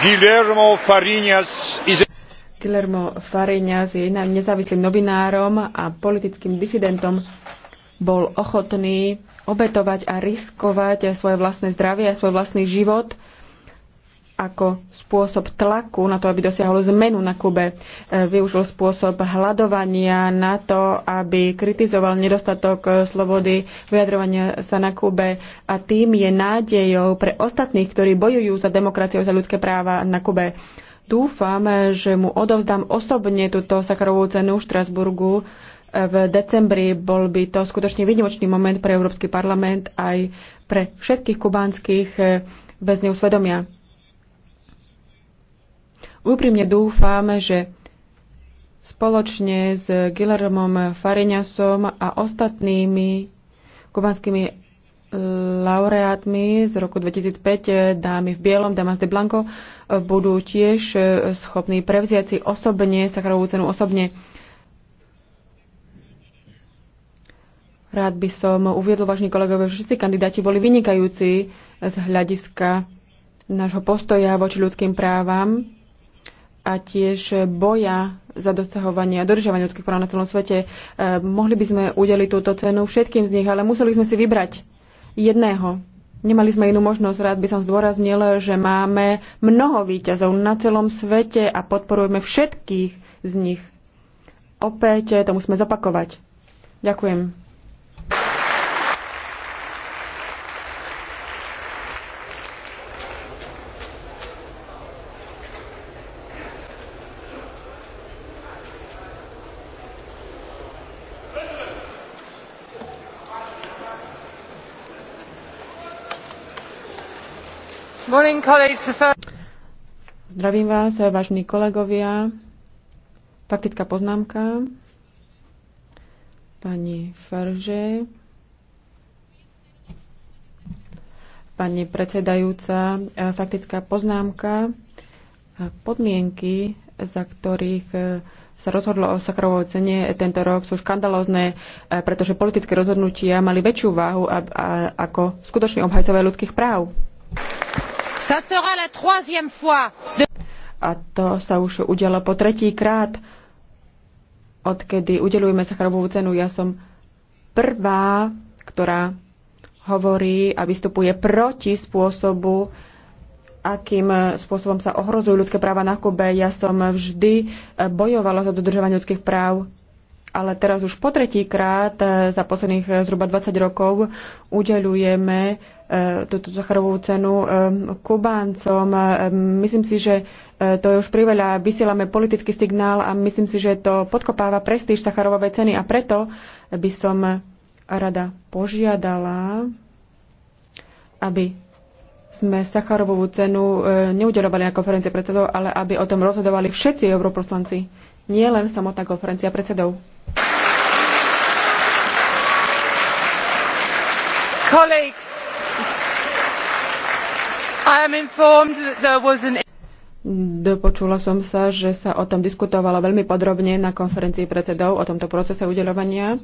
Guillermo Fariñas is... Guillermo Fariñas je nezávislým novinárom a politickým disidentom. Bol ochotný obetovať a riskovať svoje vlastné zdravie a svoj vlastný život ako spôsob tlaku na to, aby dosiahol zmenu na Kube. E, využil spôsob hľadovania na to, aby kritizoval nedostatok e, slobody vyjadrovania sa na Kube a tým je nádejou pre ostatných, ktorí bojujú za demokraciu, za ľudské práva na Kube. Dúfam, že mu odovzdám osobne túto sakarovú cenu v Štrasburgu e, v decembri. Bol by to skutočne výnimočný moment pre Európsky parlament aj pre všetkých kubánskych väzňov svedomia. Úprimne dúfam, že spoločne s Gileromom Fareňasom a ostatnými kubanskými e, laureátmi z roku 2005, dámy v bielom, Damas de Blanco, e, budú tiež e, schopní prevziať si osobne Sacharovú cenu osobne. Rád by som uviedol, vážni kolegovia, že všetci kandidáti boli vynikajúci z hľadiska nášho postoja voči ľudským právam a tiež boja za dosahovanie a dodržiavanie ľudských práv na celom svete. E, mohli by sme udeliť túto cenu všetkým z nich, ale museli sme si vybrať jedného. Nemali sme inú možnosť. Rád by som zdôraznil, že máme mnoho výťazov na celom svete a podporujeme všetkých z nich. Opäť e, to musíme zopakovať. Ďakujem. Zdravím vás, vážení kolegovia. Faktická poznámka. Pani Farže. Pani predsedajúca, e, faktická poznámka. Podmienky, za ktorých e, sa rozhodlo o Sakrovovej cene tento rok, sú škandalózne, e, pretože politické rozhodnutia mali väčšiu váhu ako skutoční obhajcovia ľudských práv. A to sa už udialo po tretí krát, odkedy udelujeme Sacharovú cenu. Ja som prvá, ktorá hovorí a vystupuje proti spôsobu, akým spôsobom sa ohrozujú ľudské práva na Kube. Ja som vždy bojovala za dodržovanie ľudských práv ale teraz už po tretíkrát e, za posledných e, zhruba 20 rokov udelujeme e, túto Zacharovú cenu Kubáncom. Myslím si, že to je už priveľa. Vysielame politický signál a myslím si, že to podkopáva prestíž Sacharovovej ceny a preto by som rada požiadala, aby sme Sacharovú cenu neudelovali na konferencie predsedov, ale aby o tom rozhodovali všetci europoslanci, nie len samotná konferencia predsedov. Dopočula som sa, že sa o tom diskutovalo veľmi podrobne na konferencii predsedov o tomto procese udeľovania.